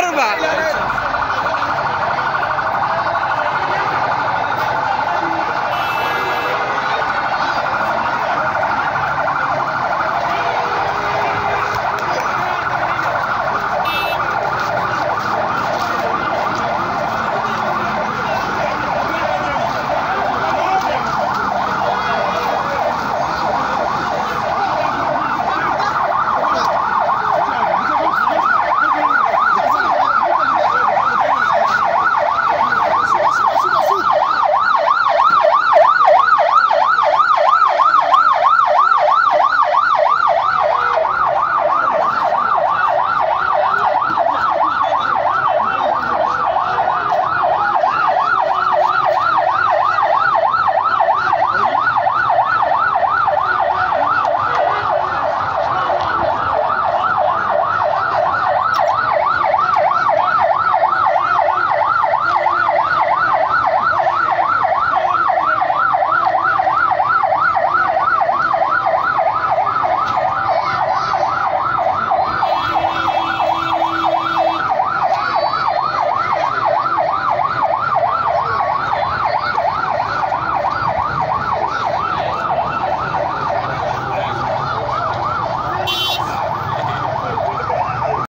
Barba!